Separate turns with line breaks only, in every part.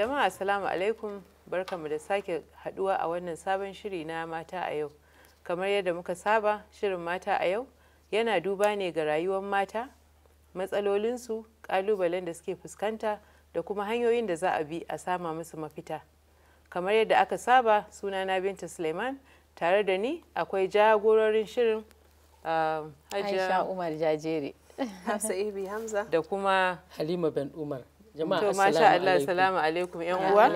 Jama'a assalamu alaikum barkamu da sake haduwa a wannan sabon shiri na mata a yau. Kamar yadda muka saba shirin mata a yau yana duba ne ga rayuwar mata, matsalolinsu, kalubalen da suke fuskanta da kuma hanyoyin da za a bi a sama musu mafita. Kamar yadda aka saba suna na Binta Suleiman tare da ni akwai jagororin shirin ah, Aisha Umar Jajere.
Hafsa Ibi Hamza.
Da kuma Halima Ben Umar. jama'a to masha Allah salamu
alaikum yan
uwa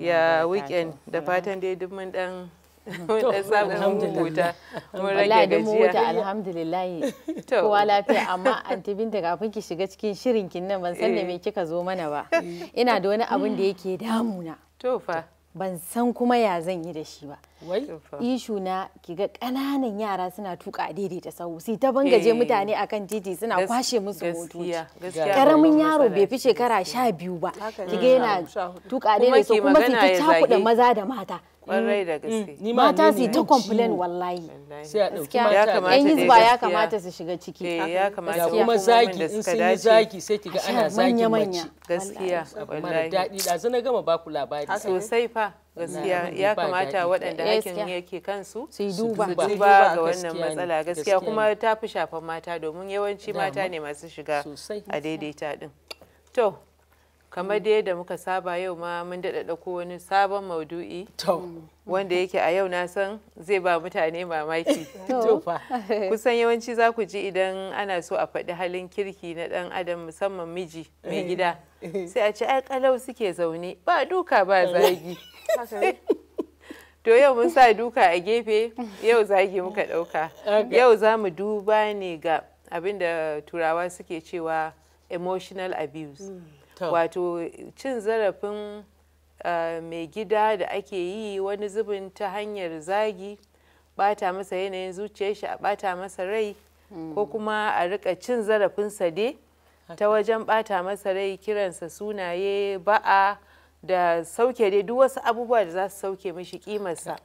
ya weekend
da fatan dai duk mun dan mun dan samu mun huta mun rage gajiya mun huta
alhamdulillah kowa lafiya amma anti binta kafin ki shiga cikin shirin kin nan ban san da eh. me kika zo mana ba ina da wani abin da yake damuna to fa ban san kuma ya zan yi da shi ba ishu na kiga ƙananan yara suna tuka a ta sau sai ta bangaje eh. mutane akan titi suna kwashe musu motoci karamin yaro bai fi shekara sha biyu ba kiga yana tuka a su kuma sai ta cakuɗa maza da mata kwarai eh, da mm, gaske mata su ta complain wallahi sai a dauki mata yan hizba ya kamata su shiga ciki ya kamata kuma zaki in sun yi zaki sai kiga ana zaki mace
gaskiya wallahi daɗi
da zan gama ba ku labari sosai fa gaskiya ya kamata waɗanda hakin yake
kansu su duba ga wannan matsala gaskiya kuma ta fi shafan mata domin yawanci mata ne masu shiga a daidaita din to kamar dai da muka saba yau ma mun daɗa ɗauko wani sabon maudu'i wanda yake a yau na san zai ba mutane mamaki
kusan
yawanci za ku ji idan ana so a faɗi halin kirki na ɗan adam musamman miji mai gida eh. sai a ci ai kalau suke zaune ba duka ba eh. zagi to yau mun sa duka a gefe yau zagi muka ɗauka yau za mu duba ne ga abin da turawa suke cewa emotional abuse hmm. wato cin zarafin eh, mai gida da ake yi wani zubin ta hanyar zagi bata masa yanayin zuciyar shi a bata masa rai hmm. ko kuma a rika cin zarafin sade ta wajen bata masa rai kiransa sunaye ba'a da sauke dai duk wasu abubuwa da za su sauke mishi kimarsa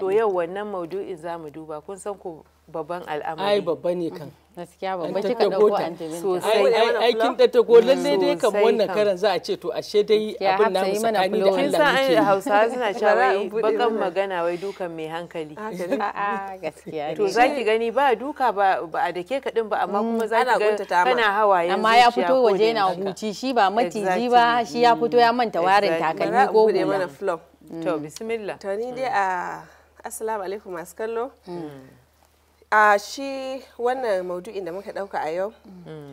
to yau wannan maudu'in za mu duba kun san ku babban al'amari ai babba ne kan mm-hmm. gaskiya babba kika dauko antabinta sosai aikin da ta go mm-hmm. lalle dai kan wannan karan
za a ce to ashe dai abin na mu sakani da Allah muke kin san Hausa suna cewa bakan
magana wai dukan mai hankali a'a gaskiya to zaki gani ba duka ba a dake ka din ba amma mm, kuma za ka ga kana hawaye amma ya fito waje yana
huci shi ba matiji ba shi ya fito ya manta warin takalmi ko gona
to mm. bismillah to ni dai mm.
a ah, assalamu alaikum masu kallo mm. a ah, shi wannan maudu'in da muka dauka a yau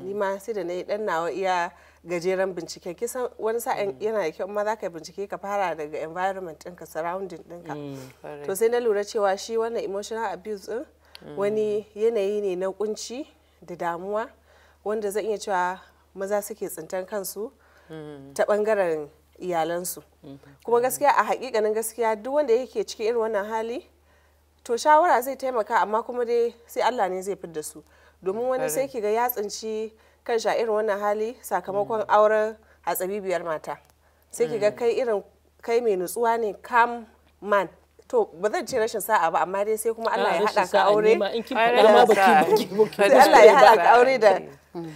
ni ma sai da na yi dan nawa iya gajeren bincike kisan wani sa'in yana da kyau ma za ka bincike ka fara daga environment ɗinka surrounding ɗinka to sai na lura cewa shi wannan emotional abuse ɗin wani yanayi ne na kunci da damuwa wanda zan iya cewa maza suke tsintan kansu ta ɓangaren. iyalansu mm. kuma gaskiya a hakikanin gaskiya duk wanda yake cikin irin wannan hali to shawara zai taimaka amma kuma dai sai Allah ne zai fidda su domin wani sai kiga ya tsinci kan sha irin wannan hali sakamakon mm. auren hatsabibiyar mata sai kiga mm. kai irin kai mai nutsuwa ne kam man to ba zan ce rashin sa'a ba amma dai sai kuma ah, Allah ya haɗa ka aure Allah ya haɗa ka aure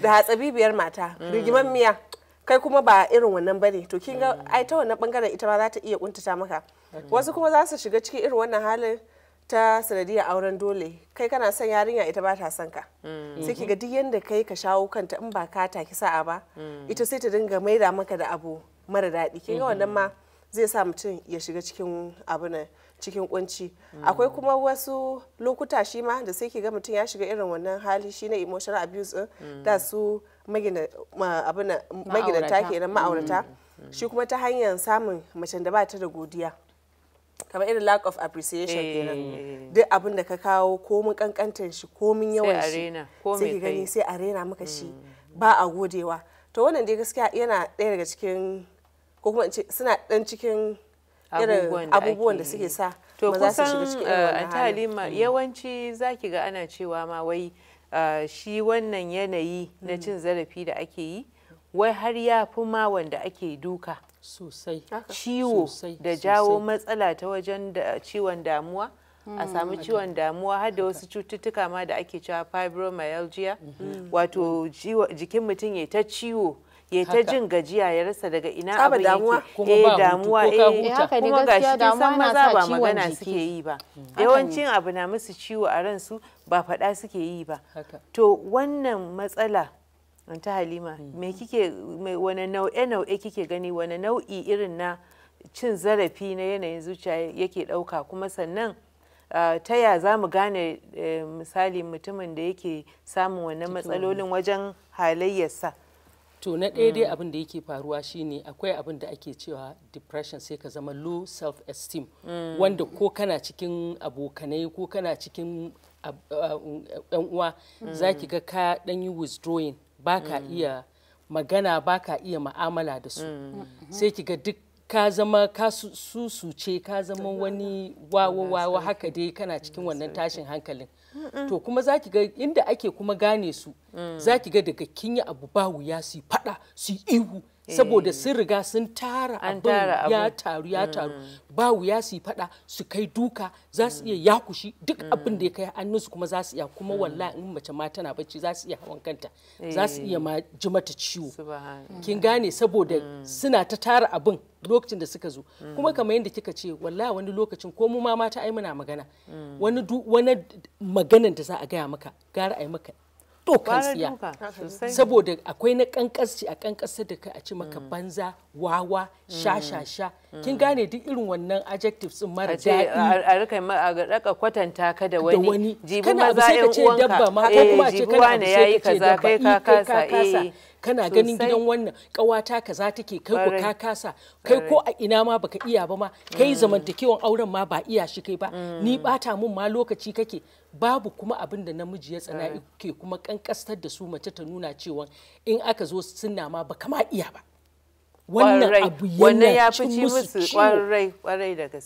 da hatsabibiyar mata rigiman miya kai kuma ba irin wannan bane to kin ga mm. ai ta wannan bangaren ita ma za ta iya kuntata maka mm. wasu kuma za su shiga cikin irin wannan halin ta sanadiyar auren dole kai kana son yarinya ita ba ta son ka mm. sai ki mm-hmm. ga duk yanda kai ka shawo kanta in ba ka ta ki sa'a ba ita sai ta dinga maida maka da abu mara daɗi kin ga wannan mm-hmm. ma zai sa mutum ya shiga cikin abu na cikin kunci akwai kuma wasu lokuta shi ma da sai ki ga mutum ya shiga irin wannan hali shi na emotional abuse eh, da su maginata kenan mm. ma'aurata mm. shi kuma ta hanyar samun macen da ba ta da godiya kamar irin lack of appreciation kenan eh. duk abin da ka kawo komin kankantar shi komin yawan shi sai ki gani sai a rena maka shi mm. ba a godewa to wannan dai gaskiya yana ɗaya daga cikin ko kuma suna ɗan cikin irin abubuwan da suke sa maza su shiga cikin eh, halima
yawanci zaki ga ana cewa ma wai shi wannan yanayi na mm. cin zarafi da ake yi wai har ya fi ma wanda ake duka sosai ciwo da jawo mm. matsala ta wajen da ciwon damuwa a mm. sami ciwon damuwa har wasu cututtuka ma da ake cewa fibromyalgia mm-hmm. wato jikin mutum ya ta ciwo ya ta jin gajiya ya rasa daga ina abu yake eh damuwa eh, eh kuma ga shi san maza ba magana suke yi ba yawancin abu na musu ciwo a ransu ba faɗa suke yi ba to wannan matsala ta halima hmm. me kike wani nau'e nau'e kike gani wane nau'i irin na cin zarafi na yanayin zuciya yake ɗauka kuma sannan ah, ta ya za mu gane eh, misali mutumin da yake samun wannan matsalolin wajen halayyarsa to na ɗaya dai mm. abin da yake faruwa shine akwai abin
da ake cewa depression sai ka zama low self esteem mm. wanda ko kana cikin abokanai ko kana cikin yan uh, um, uwa mm. za ki ga ka ɗan yi withdrawing ba ka iya magana ba ka iya ma'amala da su sai ki ga duk ka zama ka ce ka zama wani wawo wawo haka dai kana cikin wannan tashin hankalin to kuma zaki ga inda ake kuma gane su mm. zaki ga daga kin yi abu ba wuya su faɗa su ihu saboda eh. sun riga sun tara abin ya taru ya taru mm. ba wuya su fada su kai duka za su iya mm. yakushi duk abin da ya mm. kai hannunsu kuma za su iya kuma wallahi in mace ma tana bacci za su iya hawan kanta za su iya eh. ma ji mata ciwo kin gane saboda suna ta tara abin lokacin da suka zo kuma kamar yadda kika ce wallahi wani lokacin ko mu ma mata ai muna magana wani wani maganan da za a gaya maka gara ai maka dukan siya saboda akwai na kankasci a kankasar da kai a ci maka mm. banza wawa shashasha kin gane duk irin wannan adjectives din mara daɗi a rika a raka kwatanta ka da wani jibi maza a uwanka dabba ma ko kuma ce eh, kana ne yayi kaza kai ka kasa eh, kana ganin gidan wannan kawata kaza take kai ko ka kasa kai ko a ina ma baka iya ba ma kai mm. zamantakewan auren ma ba iya shi kai ba mm. ni bata mun ma lokaci kake babu kuma abin da namiji ya tsana mm. ke kuma kankastar da su mace ta nuna cewa in aka zo sunna ma baka ma iya ba wannan abu yana cin musu ciwo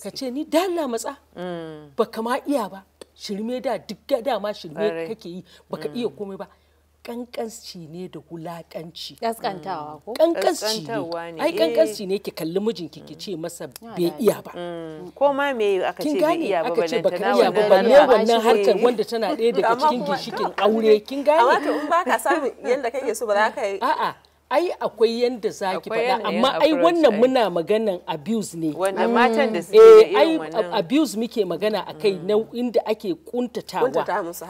ka ce ni da na matsa mm. ba ma iya ba shirme da duk dama shirme kake yi baka mm. iya komai ba kankanci ne da wulakanci kaskantawa mm. ko kankanci ne ai kankanci ne ki kalli mijinki ki ce masa bai iya ba ko ma me aka ce be iya ba baka iya ba balle wannan harkar wanda tana daya daga cikin ginshikin aure kin gane amma to in baka samu yanda kake so ba za ka a'a ai akwai yanda za ki faɗa amma ai wannan muna maganan abuse ne wannan matan da mm. suke yin eh, wannan abuse muke magana akai mm. na inda ake kuntatawa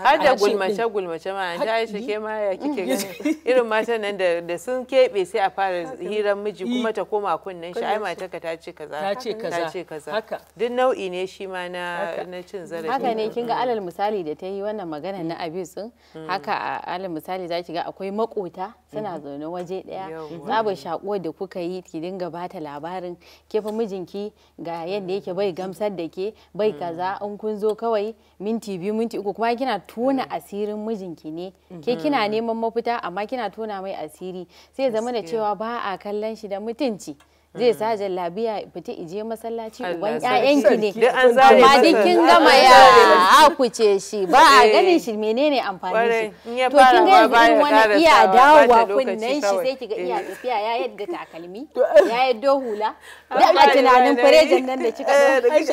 har da gulmace
gulmace ma an ji shi ke ma ya kike mm. gani irin matan nan da sun kebe sai a fara hirar miji kuma ta koma kunnen shi ai matarka ta kaza ta ce kaza ta ce kaza haka duk nau'i ne shi ma na na cin
zarafi haka ne kin ga alal misali da ta yi wannan magana na abuse haka alal misali za ki ga akwai makota suna mm-hmm. zaune waje daya shaƙo da kuka yi ki dinga bata labarin ke fa mijinki ga yadda yake bai gamsar da ke bai kaza mm. in kun zo kawai minti biyu minti uku kuma kina tona mm. asirin mijinki ne mm-hmm. ke kina neman mafita amma kina tona mai asiri sai zama da cewa ba a kallon shi da mutunci zai saje labiya fita ije masallaci uban ƴaƴanki ne amma duk kin gama ya akuce shi ba a eh. ganin shi menene amfani shi to kin ga yanzu irin wani iya dawowa kunnen shi sai kiga iya eh. tafiya ya yadda takalmi ya yadda hula da a tunanin farejin nan da kika eh,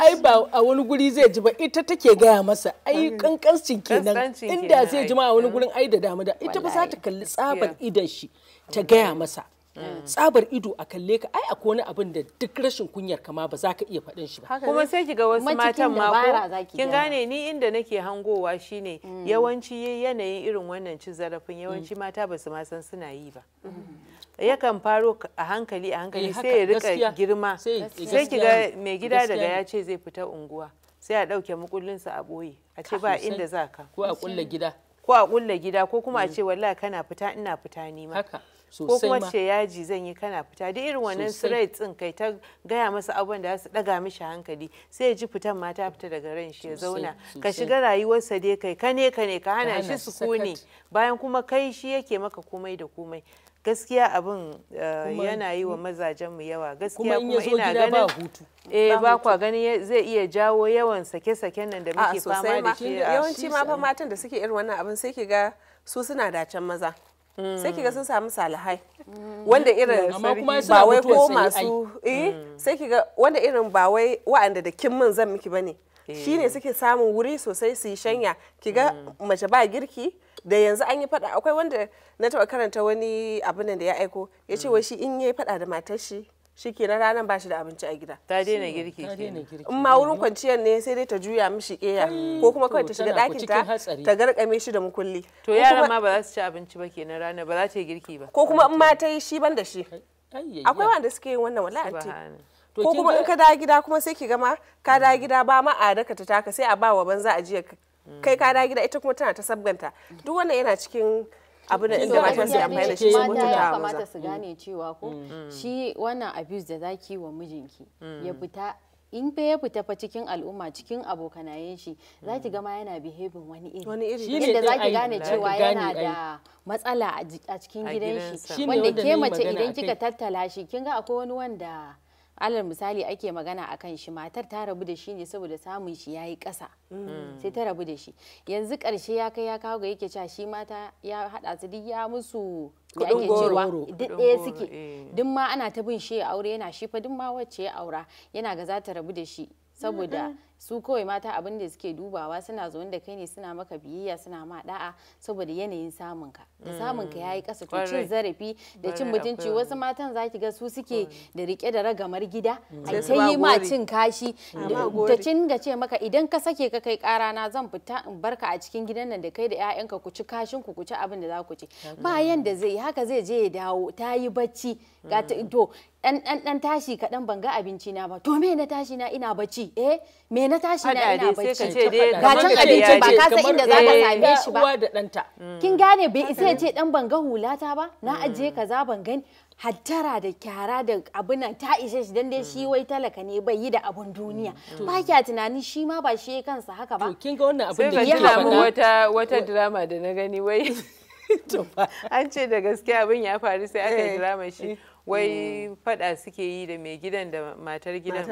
ai
ba a wani guri zai ji ba ita take gaya masa ai kankancin kenan inda zai ji ma a wani gurin ai da damu da ita ba za ta kalli tsabar idan shi ta gaya masa Mm. tsabar ido a kalle ka ai akwai wani abin da duk rashin kunyar kama ba za ka iya faɗin shi ba kuma sai ki ga
wasu
matan ma ko kin gane ni inda nake hangowa shine mm. yawanci yanayin irin wannan cin zarafin yawanci mm. mata ba su ma san suna yi ba yakan faro a hankali a hankali eh, sai ya rika girma sai ki mai gida daga ya ce zai fita unguwa sai a ɗauke mukullinsa a ɓoye a ce ba inda za ka ko a ƙulla gida ko a ƙulla gida ko kuma a ce wallahi kana fita ina fita ni ma ko kuma ce yaji zan yi kana fita da irin wannan threat din kai ta gaya masa abin da su daga mishi hankali sai ya ji fitan ma ta fita daga ran shi ya zauna ka shiga rayuwarsa dai kai ka ne ka ne ka hana shi sukuni bayan kuma kai shi yake maka komai da komai gaskiya abin eh, yana yi wa mazajenmu yawa gaskiya kuma ina ganin eh ba kwa ganin zai iya jawo yawan sake-saken nan da muke fama da shi yawanci ma fa
matan da suke irin wannan abin sai ki ga su suna dacen maza sai kiga sun samu salihai mm. wanda irin ba wai ko masu mm. eh sai kiga wanda irin ba wai wa'anda da kin min zan miki bane eh. shine suke samun wuri sosai su yi shanya kiga mm. mace ba girki da yanzu an yi fada akwai wanda na taba karanta wani abin da ya aiko ya ce wai shi in yayi fada da matar shi shi kenan ranar ba shi da abinci a gida ta daina girki in ma wurin kwanciyar ne sai dai ta juya mishi keya ko kuma kawai ta shiga ɗakin ta ta garkame shi da mukulli to yaran ma
ba za su ci abinci ba kenan ranar ba za ta yi girki ba ko kuma in ma ta yi shi ban da shi
akwai wanda suke yin wannan wala ko kuma in ka dawo gida kuma sai ki gama ka dawo gida ba ma a daka ta taka sai a ba wa banza a jiya kai ka dawo gida ita kuma tana ta sabganta duk wannan yana cikin abin da inda matan su amfani da shi mutu mutunta ya kamata su
gane cewa ko mm. Mm. shi wannan abuse da zaki wa mijinki mm. ya fita in fa ya fita fa cikin al'umma cikin abokanayen shi za ki gama yana behaving wani iri wani iri inda za ki gane cewa yana da matsala a cikin gidan shi wanda ke mace idan kika tattala shi kin ga akwai wani wanda alal misali ake magana a kan shi matar ta rabu da shi ne saboda samun shi ya yi ƙasa mm. sai ta rabu da shi yanzu ƙarshe ya kai ya kawo ga yake cewa shi mata ya haɗa su duk ya musu duk ɗaya suke eh. duk ma ana ta bin shi ya aure yana shi fa duk ma wacce ya aura yana ga za ta rabu da shi saboda mm, mm. su kawai mata abin da suke dubawa suna zo da kai ne suna maka biyayya suna ma da'a saboda yanayin samun ka da mm. samun ka yayi kasa to cin zarafi da cin mutunci wasu matan zaki ga su suke da rike da ragamar gida mm. a ta yi ma cin kashi ta mm. cin ga ce maka idan ka sake ka kai kara na zan fita in barka a cikin gidan nan da kai da ƴaƴanka ku ci kashin ku ku ci abin da za ku ci bayan da zai haka zai je ya dawo ta yi bacci ga to dan dan tashi kaɗan ban ga abinci na ba to me na tashi na ina bacci eh me na tashi na ina bacci ga cin abinci ba ka san inda za ka eh, same shi ba
mm. kin
gane bai isa ya ce dan ban ga hulata ba na mm. ajiye kaza ban gani hattara da kyara da abin ta ishe shi dan dai shi mm. wai talaka ne bai yi da abun duniya ba kya tunanin shi ma ba shi kansa haka ba kin ga wannan abin da ya wata
wata drama da na gani wai an ce da gaske abin ya faru sai aka yi eh. drama shi eh. wai mm. fada suke yi da mai gidan da matar gidan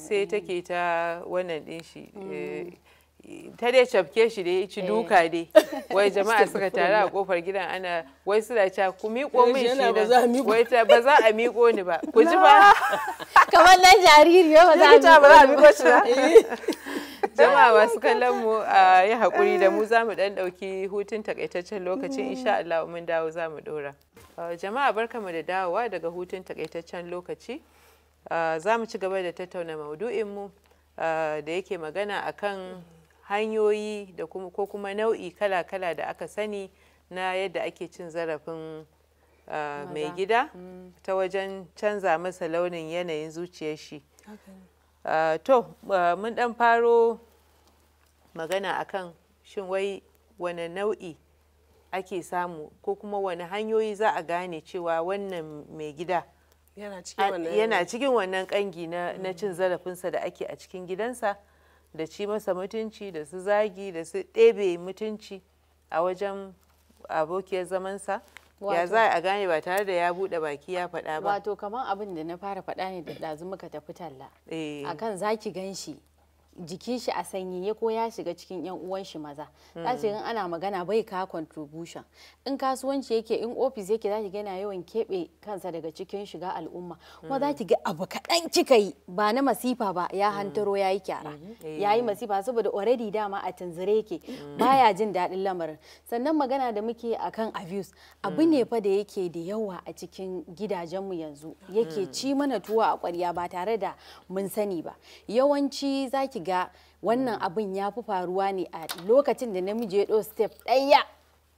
sai take ta wannan din shi mm. eh, ta dai cafke shi dai ci eh. duka dai wai jama'a suka tare a kofar gidan ana wai suna ca ku miƙo min shi nan wai ta ba za a miƙo ni ba ku ji ba
kamar nan jariri ba za a miƙo shi ba
jama'a masu kallon mu a yi haƙuri da mu za mu ɗan ɗauki hutun takaitaccen lokaci mm. insha Allah mun dawo za mu ɗora Uh, jama'a barkamu da dawowa daga hutun takaitaccen lokaci uh, za mu ci gaba da tattauna maudu'inmu uh, da yake magana akan hanyoyi da kuma ko kuma nau'i kala-kala da aka sani na yadda ake cin zarafin mai gida mm. ta wajen canza masa launin yanayin zuciyar shi to mun dan faro magana kan shin wai wane nau'i ake samu ko kuma wani hanyoyi za a gane cewa wannan mai gida
yana cikin
wannan kangi na cin zarafinsa da ake a cikin gidansa da ci masa mutunci da su zagi da su ɗebe mutunci a wajen abokiyar zamansa ya za a gane ba tare da ya buɗe baki ya faɗa ba wato
kamar abin da na fara faɗa ne da ɗazu muka tafi talla eh. akan zaki gan shi jikin shi a ya ko ya shiga cikin yan uwan shi maza za in ana magana bai ka contribution in kasuwanci yake in ofis yake za ki ga yana yawan keɓe kansa daga cikin shiga al'umma kuma za ki ga abu kaɗan kika yi ba na masifa ba ya mm. hantaro ya yi kyara mm-hmm. eh. ya yi masifa saboda already dama a tunzire yake mm. baya jin daɗin lamarin sannan magana da muke akan abuse abu ne mm. fa da yake da yawa a cikin gidajenmu yanzu yake ci mana tuwa a ƙwarya ba tare da mun sani ba yawanci za ki wannan mm. abin ya fi faruwa ne a lokacin da namiji ya ɗau step ɗaya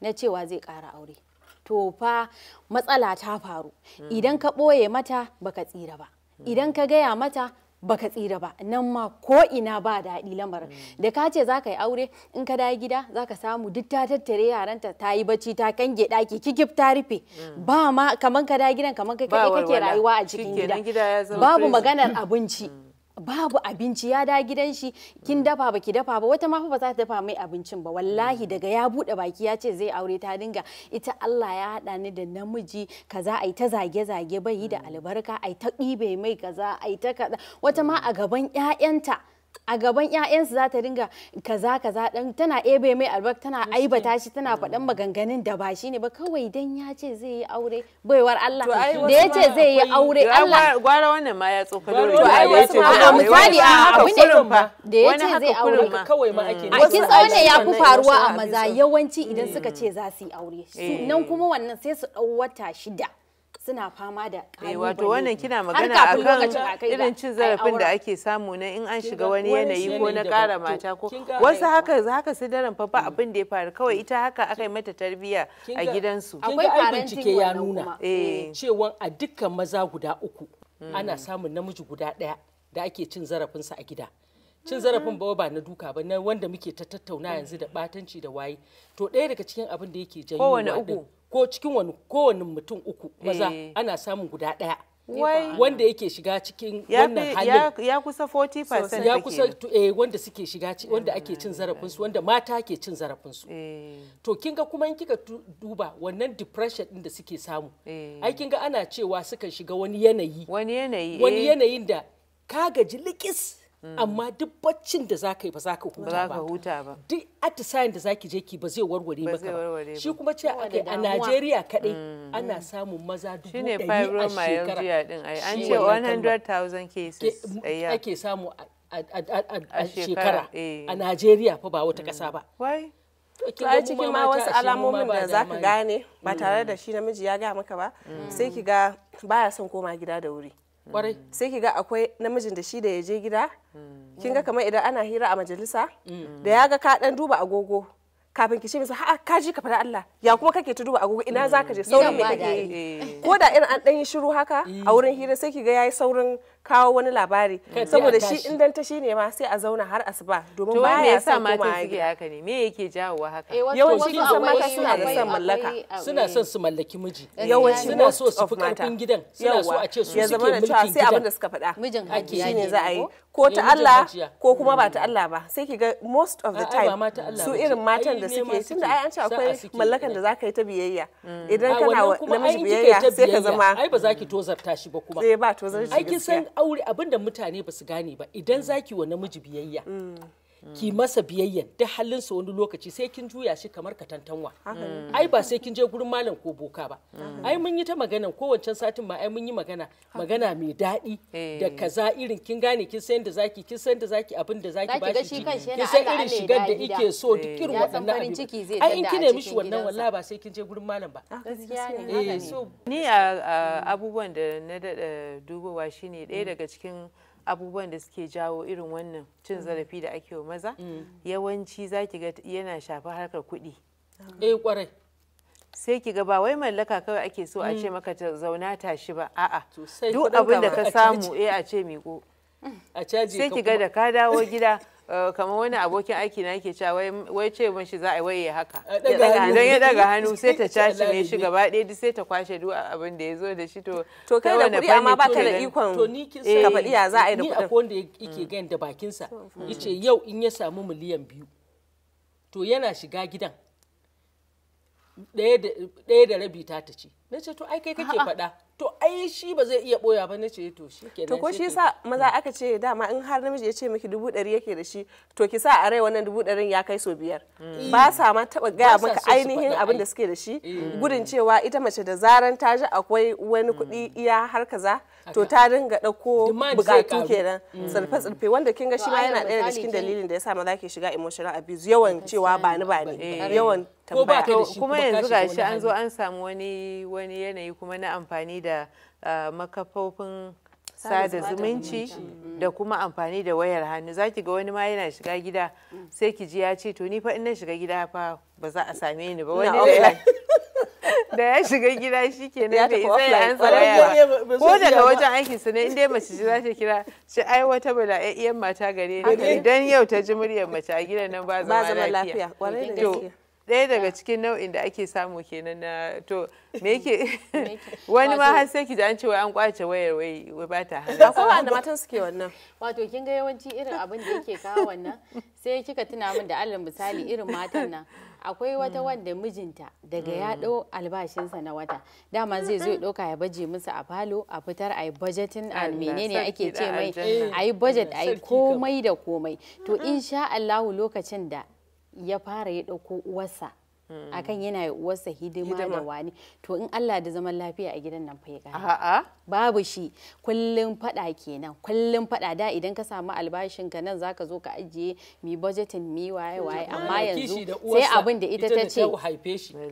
na cewa zai ƙara aure to fa matsala ta faru mm. idan ka ɓoye mata baka tsira ba mm. idan ka gaya mata baka tsira ba nan ma ko ina ba daɗi lamarin da ka ce za ka yi aure in ka dawo gida za ka samu duk ta tattare yaranta ta yi bacci ta kange ɗaki kikif ta rufe ba ma kamar ka dawo gidan kamar kake rayuwa a cikin gida babu maganar abinci babu abinci ya da gidan shi kin mm. dafa baki dafa ba wata ma ba za ta dafa mai abincin ba wallahi mm. daga ya bude baki ya ce zai aure ta dinga ita Allah ya hada ni da namiji kaza ai ta zage zage bai yi da mm. albarka ai ta ɗibe mai kaza ai ta kaza wata ma a gaban ƴaƴanta a gaban 'ya'yansu za ta dinga kaza kaza dan tana ebe mai albarka tana aibata shi tana faɗan maganganun da ba shi ne ba kawai dan ya ce zai yi aure baiwar Allah da ya ce zai yi aure Allah
gwara wannan ma ya tsokalo to ai wasu ma a misali a abu ne da ya ce zai aure kawai ma ake a kin tsone ya fi faruwa a maza
yawanci idan suka mm. ce za su yi aure eh. nan kuma wannan sai su dau wata shida suna fama da kalubale eh, wato wannan kina magana akan irin cin zarafin da ake
samu na in an shiga wani yanayi ko na kara mata ko wasu haka haka su daren fa mm. abin da ya faru kawai ita haka aka yi mata tarbiya a gidansu akwai bincike ya nuna eh. cewa a dukkan maza guda uku
mm. ana samun namiji guda daya da ake cin zarafin sa a gida
cin zarafin ba
ba na duka ba na wanda muke ta tattauna mm. yanzu da batanci da waye to ɗaya daga cikin abin da yake janyo kowane uku ko cikin wani kowane mutum uku maza eh. ana samun guda ɗaya wanda yake shiga cikin wannan halin
ya kusa 40% ya kusa
eh, wanda suke shiga wanda ake cin zarafin su. wanda mata ke cin zarafin su. Eh. to kin ga kuma in kika duba wannan depression din da suke samu eh. ai kin ga ana cewa suka shiga wani yanayi wani yanayi wani yanayin da ka gaji likis amma duk baccin da zaka yi ba zaka huta ba duk atisayen da zaki je ki ba zai warware maka ba shi kuma ce a Najeriya kadai mm. ana samun maza dubu ɗari a shekara din an ce 100,000
cases ake samu a shekara
eh. a Najeriya fa ba wata mm. ƙasa ba
a cikin ma wasu alamomin da za ka gane ba tare da mm. shi namiji ya gaya maka ba sai ki ga baya son koma gida da wuri kwarai mm. sai ki ga akwai namijin da shi da ya je gida mm. kin ga mm. kamar idan ana hira a majalisa da ya ga ka dan duba agogo kafin ki ce masa ha ka ji ka fara Allah ya kuma kake ta duba agogo ina zaka je saurin me kake yi ko da irin an dan yi shiru haka a wurin hira sai ki ga yayi saurin kawo wani labari saboda shi in ta shine ma sai a zauna har asuba domin ba ya sa mata suke
haka ne me yake jawowa haka eh, yawanci kin mata suna da son
mallaka
suna son su mallaki miji eh, yawanci suna so su fi karfin gidan suna so a ce su suke mulkin gidan sai abin da
suka faɗa mijin haki shine za a yi ko ta Allah ko kuma ba ta hmm. Allah ba sai ki ga most of the time su irin matan da suke tunda ai an ce akwai mallakan da zaka yi ta biyayya hmm. idan kana wa namiji biyayya sai ka zama
ai ba zaki tozarta shi ba kuma sai eh, ba tozarta shi ai kin san aure abinda mutane ba su gane ba idan zaki wa namiji biyayya hmm. ki masa biyayya duk halinsa wani lokaci sai kin juya shi kamar ka tantanwa ai ba sai kin je gurin malam ko boka ba ai mun yi ta magana kowancan satin ma ai mun yi magana magana mai daɗi da eh. kaza irin kin gane kin san da zaki kin san da zaki abin da zaki ba shi kin
san irin shigar da ike so duk eh. irin waɗannan abin ai in kine mishi wannan wallahi
ba sai kin je gurin malam ba eh,
ni a abubuwan da na dubowa shine ɗaya mm. daga cikin abubuwan da suke jawo irin wannan cin mm. zarafi da ake wa maza mm. yawanci za ki ga yana shafa harkar kuɗi ah. eh kwarai sai ki ga ba wai mallaka kawai ake so a ce mm. maka ta zauna tashi ba a'a duk abin da ka samu eh a ce miƙo sai ki ga da ka dawo gida Eh, kamar wani abokin aiki na ke cewa wai ce shi za a waye haka don ya daga hannu sai ta caci ne shi gaba ɗaya sai ta kwashe duk abin da ya zo da shi to to kai da kuri amma baka da ikon ka faɗi ya za a yi da kuɗin ni akwai
wanda yake mm. gayan da bakinsa mm. Mm. yace yau in ya samu miliyan biyu to yana shiga gidan ɗaya da rabi ta ta ce na ce to ai kai kake faɗa to ai shi ba zai iya boya ba nace
to shi kenan to ko shi sa maza aka ce dama in har namiji ya ce miki dubu ɗari yake da shi to ki sa a rai wannan dubu ɗarin ya kai so biyar mm. ba sa ma taba gaya maka ainihin abin da suke da shi mm. gudun cewa ita mace da zaran ta ji akwai wani kuɗi mm. iya har kaza to ta dinga ɗauko bukatu kenan mm. tsirfe tsirfe wanda kin ga shi ma yana ɗaya daga cikin dalilin da yasa maza ke shiga emotional abuse yawan cewa ba ni ba ni yawan tambaya kuma yanzu gashi an zo
an samu wani wani yanayi kuma na amfani da ah, makafofin sada zumunci mm. da kuma amfani da wayar hannu zaki ga wani ma yana shiga gida mm. sai ki ji ya ce to ni fa in na shiga gida fa ba za a same ni ba wani da ya shiga gida shi ke nan da isa ya an tsaraya ko daga wajen aikin su ne inda mace ji za ta kira shi ai wata iya mata gare ni idan yau ta ji muryar mace a gidan nan ba zama lafiya ɗaya daga cikin nau'in da ake samu kenan na to me yake wani ma har sai ki ji an ce wai an kwace wayar wai wai
ba ta
hannu akwai wanda
matan suke wannan
wato kin ga yawanci irin abin da yake kawo wannan sai kika tuna min da alal misali irin matan nan akwai wata hmm. wanda mijinta daga ya hmm. ɗau albashinsa na wata dama zai zo ya hmm. ɗauka ya baje musu a falo a fitar a yi budgeting a menene ake ce mai a yi budget a yi komai da komai to insha Allahu lokacin da ya fara ya ɗauko uwarsa akan yana wasa hidima da wani to in Allah da zaman lafiya a gidan nan fa ya a'a babu shi kullun fada kenan kullum fada da idan ka samu albashin ka nan zaka zo ka ajiye mi budgeting mi waye waye amma yanzu sai abin da ita ta ce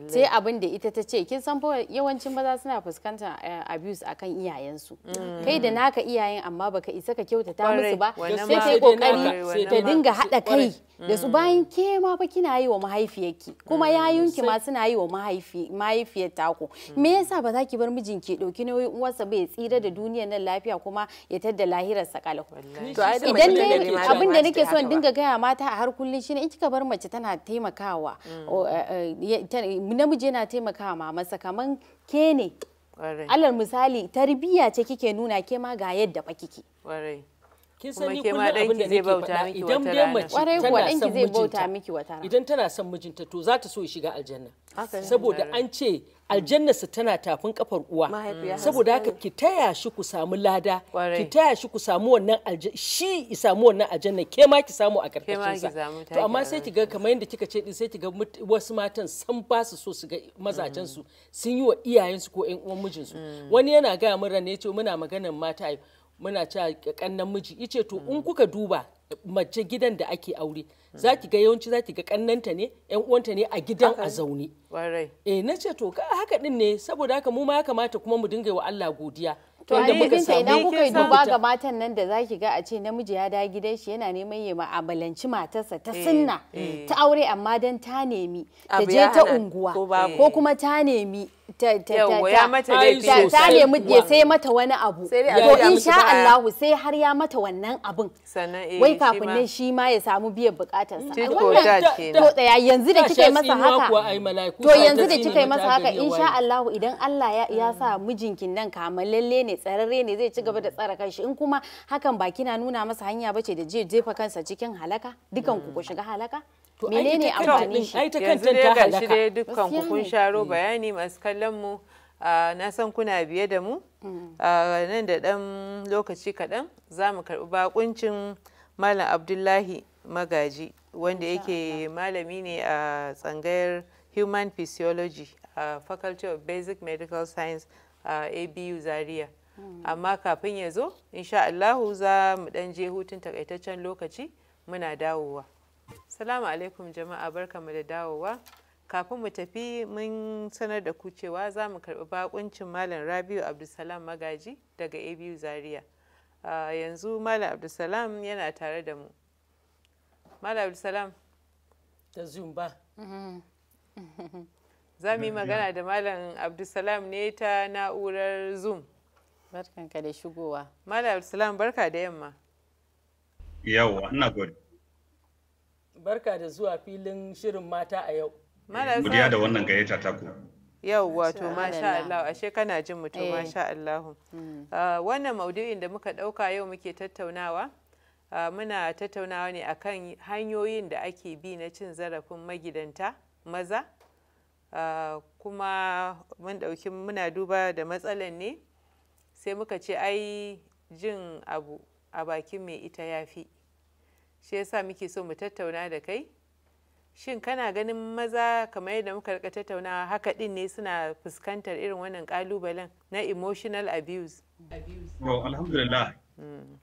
sai abin da ita ta ce kin san yawancin maza suna fuskantar eh, abuse akan iyayensu mm. kai da naka iyayen amma baka isa ka kyautata musu ba sai ta kokari ta dinga hada kai da su mm. bayan ke ma fa kina yi wa mahaifiyarki kuma ya mm. ki ma suna yi wa mahaifi mahaifiyar taku me mm. yasa ba za ki bar mijinki dauki nauyin uwarsa bai tsira da duniyar nan lafiya kuma ya tadda lahirar sa kalau idan ne abin da nake so in dinga gaya mata a har kullun shine in kika bar mace tana taimakawa mm. eh, eh, namiji yana taimakawa mamansa kamar ke ne alal misali tarbiyya ce kike nuna ke ma ga yadda fa kike
kin sani kullum abin da nake faɗa idan dai mace
tana son mijinta
idan tana son mijinta to za ta so ya shiga aljanna saboda an ce aljanna su tana tafin kafar uwa mm. saboda haka ki taya shi ku samu lada ki taya shi ku samu wannan aljanna shi ya samu wannan aljanna ke ma ki samu a karkashin sa to amma sai ki ga kamar yadda kika ce din sai ki ga wasu matan san ba su so su ga mazajen su mm. sun yi wa iyayen su ko ƴan uwan mijin su mm. wani yana ga mun ran ya ce muna maganar mata muna cewa kannan miji ice to in mm. kuka duba mace gidan da ake aure za ki ga yawanci za ki ga kannanta ne yan uwanta ne a gidan a zaune eh na ce to ka haka din ne saboda haka mu ma ya kamata kuma mu dinga wa Allah godiya to da muka samu idan kuka duba ga
matan nan da zaki ga a ce namiji ya dawo gidan shi yana neman ya ma'amalanci matarsa ta eh, sunna eh. ta aure amma dan ta nemi ta je ta unguwa ko kuma ta nemi ta nemi ya sai mata wani abu to insha Allah sai har ya mata wannan abun eh, wai kafin nan shi ma ya samu biyan sa to yanzu da kika masa haka to yanzu da masa haka insha Allah idan Allah ya sa mm. mijinkin nan kamalalle ne tsararre ne zai ci gaba da tsara kanshi in kuma hakan ba kina nuna masa hanya bace da jefa kansa cikin halaka dukan ku ku mm. shiga halaka menene amfani shi ai ta kanta ta halaka yanzu dai dukkan ku kun sharo mm.
bayani masu kallon mu ah, na san kuna biye da mu mm. ah, nan da dan lokaci kaɗan za mu karɓi bakuncin malam abdullahi magaji wanda yake malami ne a tsangayar human physiology a faculty of basic medical science a abu zaria mm. amma kafin ya zo insha allahu za mu dan je hutun takaitaccen lokaci muna dawowa Salamu alaikum jama'a barkamu da dawowa. Kafin mu tafi mun sanar da ku cewa za mu karɓi bakuncin Malam Rabiu Abdulsalam Magaji daga ABU Zaria. yanzu Malam Abdulsalam yana tare da mu. Malam Abdulsalam. Da zumba. Za mu yi magana da Malam Abdulsalam ne ta na'urar Zoom. Barkanka da shigowa. Malam Abdulsalam barka da yamma.
Yawwa, ina gode.
barka da zuwa filin shirin mata a yau godiya da wannan gayyata ta ku yau wato masha Allah ashe kana jin mutum eh. masha Allah hmm. ah, wannan maudu'in da muka ɗauka yau muke tattaunawa ah, muna tattaunawa ne akan hanyoyin da ake bi na cin zarafin magidanta maza ah, kuma mun ɗauki muna duba da matsalan ne sai muka ce ai jin abu a bakin mai ita yafi shi yasa muke so mu tattauna da kai shin kana ganin maza kamar yadda muka rika tattaunawa haka din ne suna fuskantar irin wannan kalubalen na emotional abuse
alhamdulillah mm.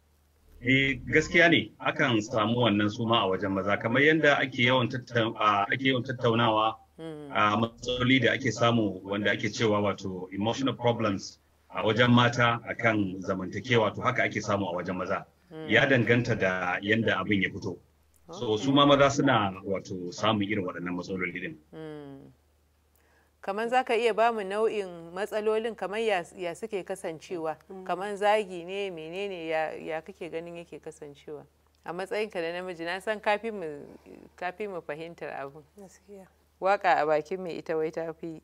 eh gaskiya ne akan samu wannan suma a wajen maza kamar yadda ake yawan tattaunawa mm. a matsaloli da ake samu wanda ake cewa wato emotional problems a wajen mata akan zamantakewa to haka ake samu a wajen maza Hmm. ya danganta da yadda abin ya fito so su ma maza suna wato samun irin waɗannan matsaloli din hmm.
kamar za ka iya bamu nau'in matsalolin kamar ya suke kasancewa hmm. kamar zagi ne menene ya kake ganin yake kasancewa a matsayinka da namiji na san kafi mu fahimtar abu. waka a bakin mai ita wai tafi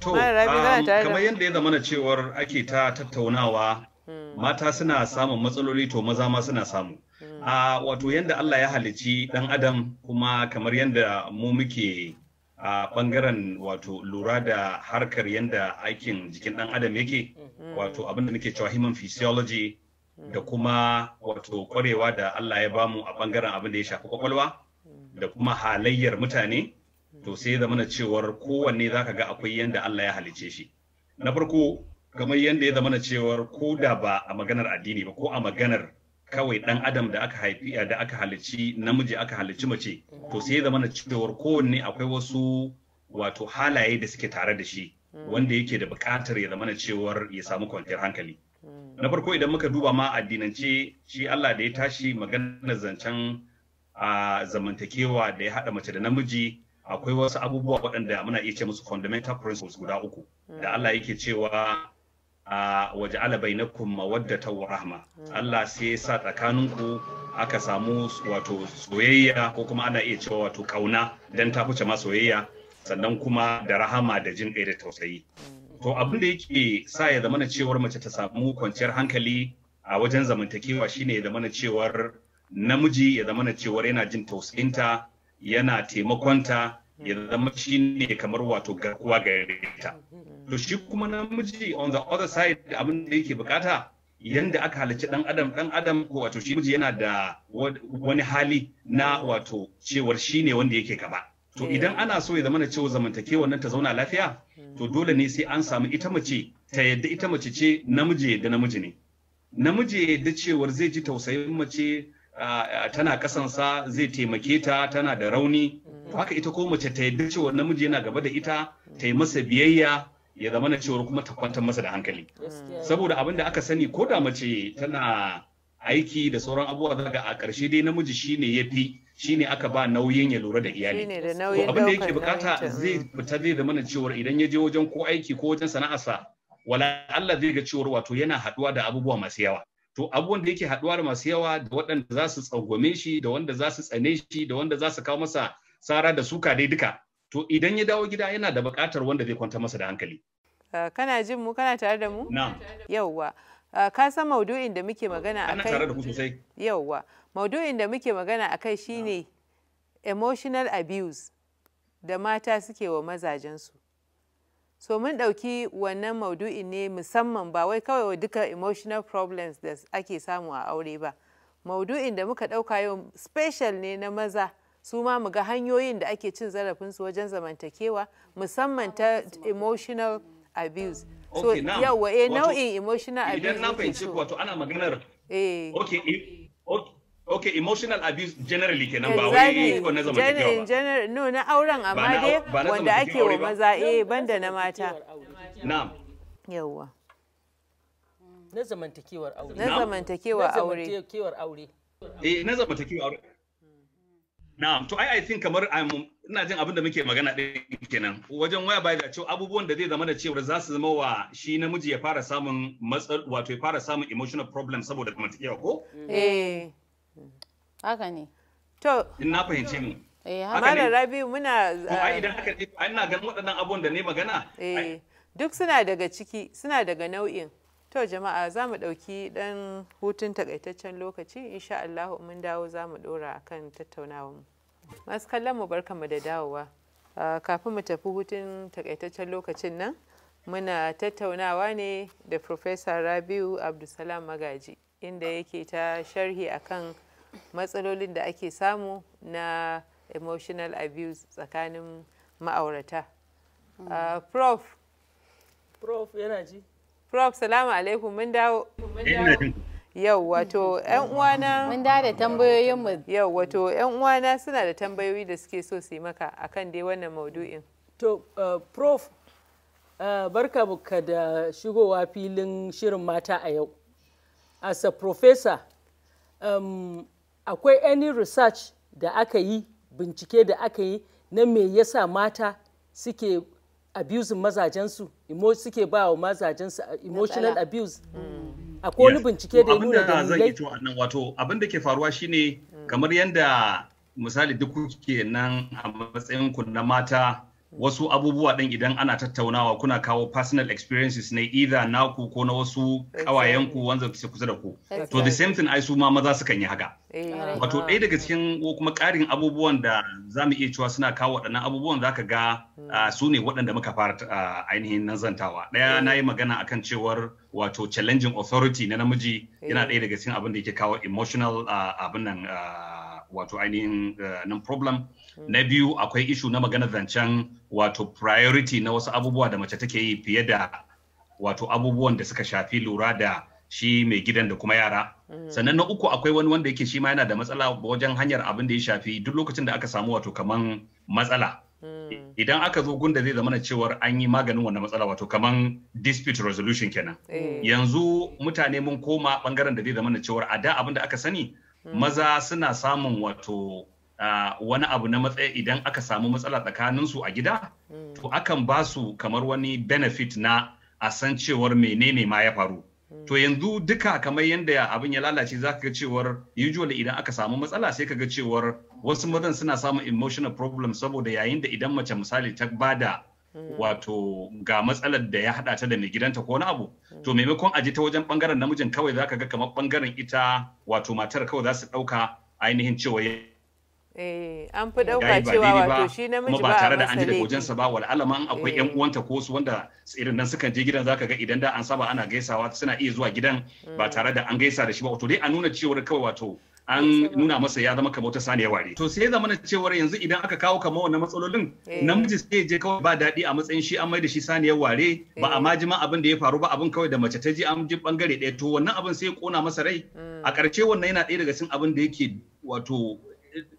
to um, kamar yadda ya zama na cewar ake ta tattaunawa Hmm. mata suna samun matsaloli to maza ma suna samu hmm. a ah, wato yadda Allah ya halici ɗan adam kuma kamar yadda mu muke a bangaren wato lura da harkar yadda aikin jikin dan adam yake hmm. wato abinda muke cewa human physiology da kuma wato kwarewa da Allah ya bamu a ɓangaren abinda ya shafi kwakwalwa da kuma halayyar mutane to sai zamana cewar kowanne zaka ga akwai yadda Allah ya halice shi na farko kamar yadda ya zama na cewar ko da ba a maganar addini ba ko a maganar kawai dan adam da aka haifi eh, da aka halici namiji aka halici mace to sai ya zama na cewar kowanne akwai wasu wato halaye da suke tare da shi wanda yake da bukatar ya zama na cewar ya samu kwanciyar hankali na farko idan muka duba ma addinance shi Allah da ya tashi maganar zancen a zamantakewa da ya haɗa mace da namiji akwai wasu abubuwa waɗanda muna iya ce musu fundamental principles guda uku da Allah yake cewa a waje alabai na kuma wadda ta rahma Allah sai ya sa tsakaninku aka samu wato soyayya ko kuma ana iya cewa wato kauna dan ta fice ma soyayya sannan kuma da rahama da jin da tausayi to abin da yake sa ya zamana cewar mace ta samu kwanciyar hankali a wajen zamantakewa shine ya zamana cewar namiji ya zamana cewar yana jin tausayinta yana taimakonta ya zama shine kamar wato garkuwa gare ta to shi kuma namiji on the other side abin da yake bukata yanda aka halarci dan adam dan adam ko wato shi miji yana da wani hali na wato cewar shi ne wanda yake kaba. to eh. idan ana so ya zama na cewa zamantakewar nan ta zauna lafiya to hmm. dole ne sai an samu ita mace ta yadda ita mace ce namiji da namiji ne namiji yadda cewar zai ji tausayin mace tana kasansa zai taimake ta tana da rauni hmm. haka ita ko mace ta yadda cewa namiji yana gaba da ita ta yi masa biyayya ya zama na cewar kuma ta kwantar masa da hankali saboda abin da aka sani ko da mace tana aiki da sauran abubuwa daga ga a ƙarshe dai namiji shine ya fi shine aka ba nauyin ya lura da iyali to abin da yake bukata zai fita zai zama na cewar idan ya je wajen ko aiki ko wajen sana'arsa wala Allah zai ga cewar wato yana haduwa da abubuwa masu yawa to abubuwan da yake haduwa da masu yawa da waɗanda za su tsangwame shi da wanda za su tsane shi da wanda za su kawo masa tsara da suka dai duka to idan ya dawo gida yana da buƙatar wanda zai kwanta masa da hankali
eh, kana jin mu kana tare da mu na yawwa eh, ka san maudu'in da muke magana akai tare da ku sosai yawwa maudu'in da muke magana a kai shi ne emotional abuse da mata suke wa mazajensu so mun ɗauki wannan maudu'in ne musamman ba wai kawai wa duka emotional problems da ake samu a aure ba maudu'in da muka ɗauka yau special ne na maza su ma mu ga hanyoyin da ake cin zarafinsu wajen zamantakewa musamman ta emotional abuse so yawa eh nau'in emotional abuse idan na fahimci
wato ana maganar eh okay ok emotional abuse generally kenan ba wai ko na zamantakewa ba
general no na auren amma dai wanda ake wa maza eh banda na mata na'am yawa
na zamantakewar aure na
zamantakewar
aure
eh na zamantakewar aure Na'am, to ai I think kamar um, ina jin abin da muke magana ɗin kenan. Wajen waya bai da cewa abubuwan da zai zama da cewa za su zama wa shi namiji ya fara samun matsal wato ya fara samun emotional problem saboda zamantakewa ko?
Eh. Mm. Haka ne. To.
In na fahimce mu.
Eh, Malam Rabi muna
To ai eh, idan haka ina ganin waɗannan abubuwan da ne magana.
Eh. Duk suna daga ciki, suna daga nau'in. to jama'a za mu ɗauki ɗan hutun takaitaccen lokaci insha allahu mun dawo za mu ɗora kan tattaunawar masu kallon mu barka mu da dawowa ah, kafin mu tafi hutun takaitaccen lokacin nan muna tattaunawa ne da Professor Rabiu Abdulsalam Magaji inda yake ta sharhi akan matsalolin da ake samu na emotional abuse tsakanin ma'aurata. Ah, prof. Prof yana ji. Prof, salamu alaikum mun dawo. Yau wato ‘yan uwana. Mun da da tambayoyin mu. Yau wato ‘yan uwana suna da tambayoyi da suke so su yi maka akan dai wannan maudu'in. To, uh, Prof,
uh, barka buka da shigowa filin shirin mata a yau. As a professor, um, akwai any research da aka yi, bincike da aka yi na me yasa mata suke abusing mazajensu suke ba wa mazajensu uh, emotional abuse mm. Mm. akwai wani bincike da ya nuna da zan yi
nan wato abin da ke faruwa shine mm. kamar yadda misali duk kuke nan a matsayin ku na mata wasu abubuwa ɗin idan ana tattaunawa kuna kawo personal experiences ne either naku ko na wasu ƙawayenku wanda kusa kusa da ku to the same thing ai su ma maza sukan yi haka eh. wato ɗaya daga cikin kuma ƙarin abubuwan da za mu iya cewa suna kawo waɗannan abubuwan za ka ga hmm. ah, su ne waɗanda muka fara ah, ainihin nazantawa ɗaya hmm. na yi magana akan cewar wato challenging authority na namiji eh. yana ɗaya daga cikin abin da yake kawo emotional ah, abin nan wato ainihin nan problem na biyu akwai ishu na maganar zancen wato priority na wasu abubuwa da mace take yi fiye da wato abubuwan da suka shafi lura da shi mai gidan da kuma yara mm. sannan na uku akwai wani wanda yake shi ma yana da matsala wajen hanyar abin da ya shafi duk lokacin da aka samu wato kaman matsala mm. idan aka zo gunda zai zamana cewar an yi maganin wannan matsala wato kaman dispute resolution kenan eh. yanzu mutane mun koma bangaren da zai zamana cewar a da abin da aka sani mm. maza suna samun wato wani abu na matsayi idan aka samu matsala tsakanin su a gida mm. to akan ba su kamar wani benefit na a san cewar menene ma ya faru mm. to yanzu duka kamar yadda abin ya lalace za ga cewar usually idan aka samu matsala sai ka ga cewar wasu mazan suna samun emotional problem saboda yayin da idan mace misali ta bada mm. wato ga matsalar da ya hada ta da mai gidanta ko wani abu to maimakon aje ta wajen bangaren namijin kawai za ka ga kamar bangaren ita wato matar kawai za su dauka ainihin cewa
Eh, an fi ɗauka cewa wato shi namiji ba ba tare da an ji da kojansa
ba wala alaman akwai yan eh. uwanta ko su wanda irin nan sukan je gidan zaka ga idan da an saba ana gaisawa suna iya zuwa gidan ba mm. tare da an gaisa da shi ba wato dai a nuna cewar kawai wato an nuna masa ya zama kamar wata saniya ware to sai ya zama cewar yanzu idan aka kawo kamar wannan matsalolin eh. namiji sai je kawai ba daɗi a matsayin shi an mai da shi saniyar ware ba a majima abin da ya faru ba abin kawai da mace ta ji an ji bangare ɗaya to wannan abin sai ya kona masa rai mm. a ƙarshe wannan yana ɗaya daga cikin abin da yake wato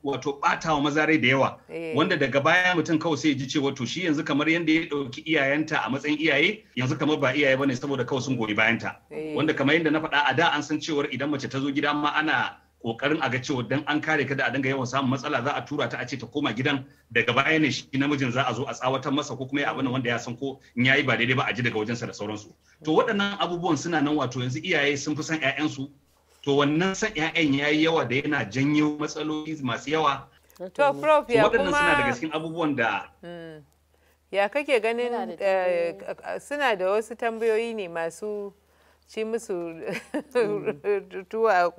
wato ɓatawa maza rai da yawa eh. wanda daga baya mutum kawai sai ji cewa to shi yanzu kamar yanda ya dauki iyayenta a matsayin iyaye yanzu kamar ba iyaye bane saboda kawai sun goyi bayanta eh. wanda kamar yanda na faɗa a da an san cewar idan mace ta zo gida ma ana kokarin a ga cewa dan an kare ka da a dinga yawan samun matsala za a tura ta a ce ta koma gidan daga baya ne shi namijin za a zo a tsawatar masa ko kuma ya abin wanda ya san ko in yayi ba daidai ba a ji daga wajensa da sauransu to waɗannan abubuwan suna nan wato yanzu iyaye sun fi son 'ya'yansu to wannan san 'ya'yan ya yi yawa da yana janyo matsaloli masu yawa to prof ya kuma suna daga cikin abubuwan da
hmm. ya kake ganin eh, suna da wasu tambayoyi ne masu ci musu hmm. tuwa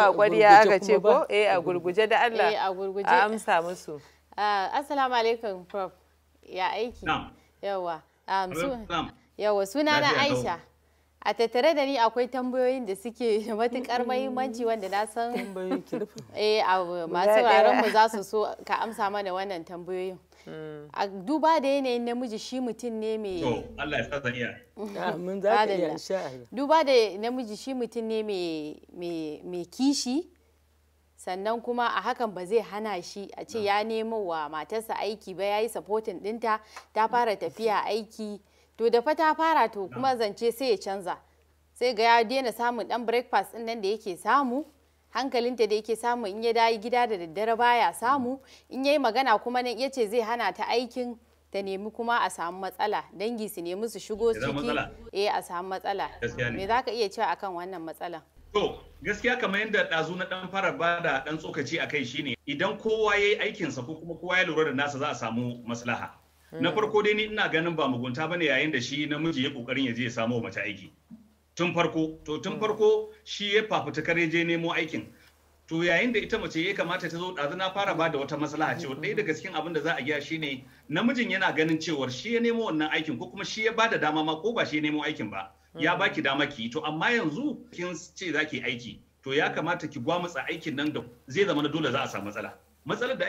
a kwariya aka ce ko eh a gurguje da Allah eh, a amsa
musu ah, assalamu alaikum prof ya aiki yawa yawa suna na aisha a tattare da ni akwai tambayoyin da suke da matukar mahimmanci wanda na san eh masu raron mu za su so ka amsa mana wannan tambayoyin hmm. a duba da yanayin namiji shi mutum ne mai Allah ya sa za ka iya duba da namiji shi mutum ne mai mai kishi sannan kuma a hakan ba zai hana shi a ce ya nemo wa matarsa aiki ba ya yi supporting dinta ta fara tafiya aiki to da ta fara to kuma zance sai ya canza sai ga ya daina samun dan breakfast din nan da yake samu hankalinta da yake samu in ya dayi gida da daddare baya samu in yayi magana kuma nan yace zai hana ta aikin ta nemi kuma a samu matsala dangi su nemi su shigo ciki eh a samu matsala me zaka iya cewa akan wannan matsalan
To, gaskiya kamar yadda ɗazu na dan fara bada dan tsokaci a kai shine idan kowa yayi yi aikinsa ko kuma kowa ya lura da nasa za a samu maslaha. na farko dai ni ina ganin ba mugunta ba ne yayin da shi namiji ya kokarin ya je ya samu mace aiki tun farko to tun hmm. farko shi ya fafutukar ya je nemo aikin to yayin da ita mace ya kamata ta zo ɗazu na fara ba da wata maslaha cewa ɗaya daga cikin abin da za a giya shine namijin yana ganin cewar shi ya nemo wannan aikin ko kuma shi ya da dama ma ko ba shi ya nemo aikin ba ya hmm. baki dama ki to amma yanzu kin ce zaki ki aiki to ya kamata ki gwamutsa aikin nan da zai zama dole za a samu matsala matsalar da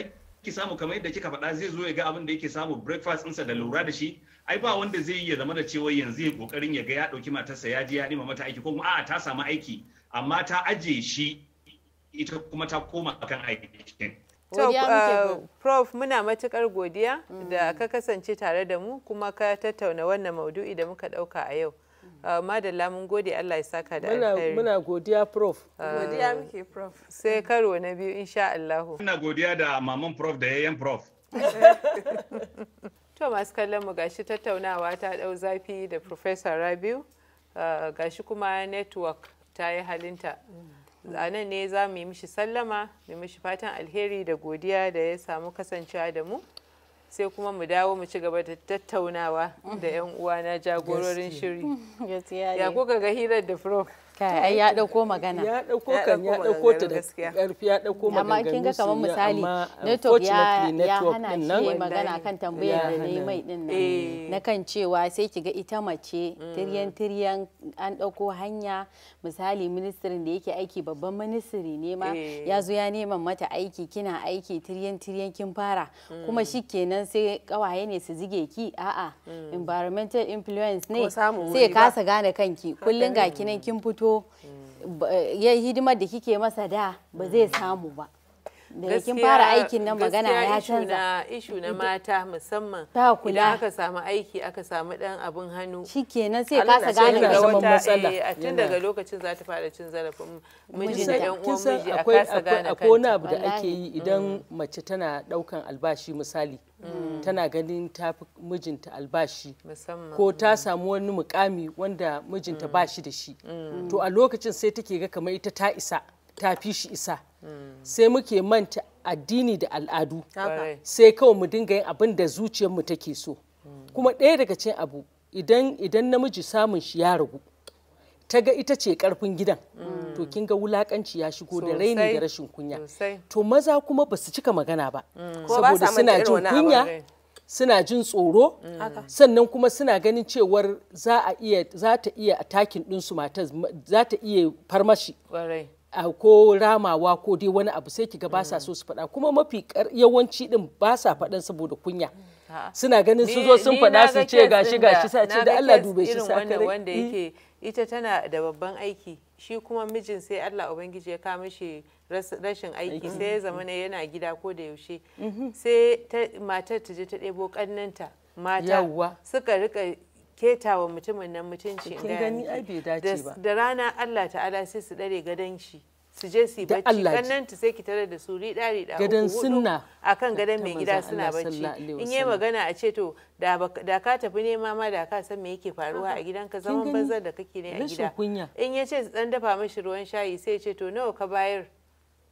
kike samu kamar yadda kika faɗa zai zo ya ga abin da yake samu breakfast ɗinsa da lura da shi ai ba wanda zai yi ya zama da cewa yanzu ya kokarin ya ga ya dauki matarsa ya je ya nima mata aiki ko kuma a'a ta samu aiki amma ta aje shi ita kuma ta koma kan aikin
To, uh, Prof, muna matukar godiya mm. da ka kasance tare da mu kuma ka tattauna wannan maudu'i da muka ɗauka a yau. Uh, madalla mun gode Allah ya saka da alkhairi muna
godiya prof
uh, godiya
muke prof sai karo na biyu insha Allah muna godiya
da maman prof da yayan prof
to masu kallon mu gashi tattaunawa ta dau zafi da professor Rabiu uh, gashi kuma network ta yi halinta a nan ne za mu yi mishi sallama mu mishi fatan alheri da godiya da ya samu kasancewa da mu sai kuma mu dawo mu ci gaba da tattaunawa da 'yan mm. uwa na jagororin shiri
ya kuka
ga hirar da prof
kai ya dauko magana ya dauko kan
ya dauko ta da karfi ya dauko magana amma kin ga kaman misali
network ya hana shi magana kan tambayar da nayi mai din nan eh. na kan cewa sai ki ga ita mace mm. tiryan tiryan an dauko hanya misali ministirin da yake aiki babban ministry ne ma eh. ya zo ya neman mata aiki kina aiki tiryan tiryan kin fara mm. kuma shikenan sai kawaye ne su zige ki a'a mm. environmental influence ne sai kasa gane kanki kullun ga kinan kin fito fito eh, ya hidimar da kike masa da ba zai samu ba da kin fara aikin nan magana ya canza ishu na mata
musamman kula idan aka samu aiki aka samu dan abin hannu
shikenan sai ka sa gane musamman matsala eh, a tun daga
lokacin za ta fara cin zarafin miji da yan uwan miji a gane akwai wani abu da ake yi idan mm.
mace tana daukan albashi misali mm. tana ganin ta fi mijinta albashi ko ta mm. samu wani mukami wanda mijinta ba shi da shi to a lokacin sai take ga kamar ita ta isa ta fi shi isa sai muke manta addini da al'adu sai kawai mu dinga yin abin da zuciyarmu take so kuma ɗaya daga cikin abu idan idan namiji samun shi ya ragu ta ga ita ce karfin gidan mm. to kin ga wulakanci ya shigo da raini da rashin kunya to maza kuma ba su cika magana ba mm. saboda suna jin kunya suna jin tsoro mm. sannan kuma suna ganin cewar za ta iya atakin ɗinsu matar za ta iya farmashi ko ramawa ko dai wani abu sai kiga ba sa mm. so su faɗa kuma mafi yawanci din ba sa faɗan saboda kunya
mm. suna ganin su zo sun faɗa su ce gashi gashi sa ce da Allah dube shi sa kare wanda mm. yake ita tana da babban aiki shi kuma mijin sai Allah ubangiji ya kama shi rashin aiki sai ya mm-hmm. zama yana gida ko da yaushe mm-hmm. sai matar ta je ta ɗebo kannanta mata suka rika keta wa mutumin nan mutunci kin gani ai bai dace ba da rana Allah ta'ala sai su dare gadon shi su je su bacci kannan ta sai ki tare da su riɗa da gadan sunna akan gadon mai gida suna bacci in yi magana a ce to da ka tafi nema ma da ka san me yake faruwa a gidan ka zaman banzar da kake ne a gida in ya ce dan dafa mashi ruwan shayi sai ya ce to nawa ka bayar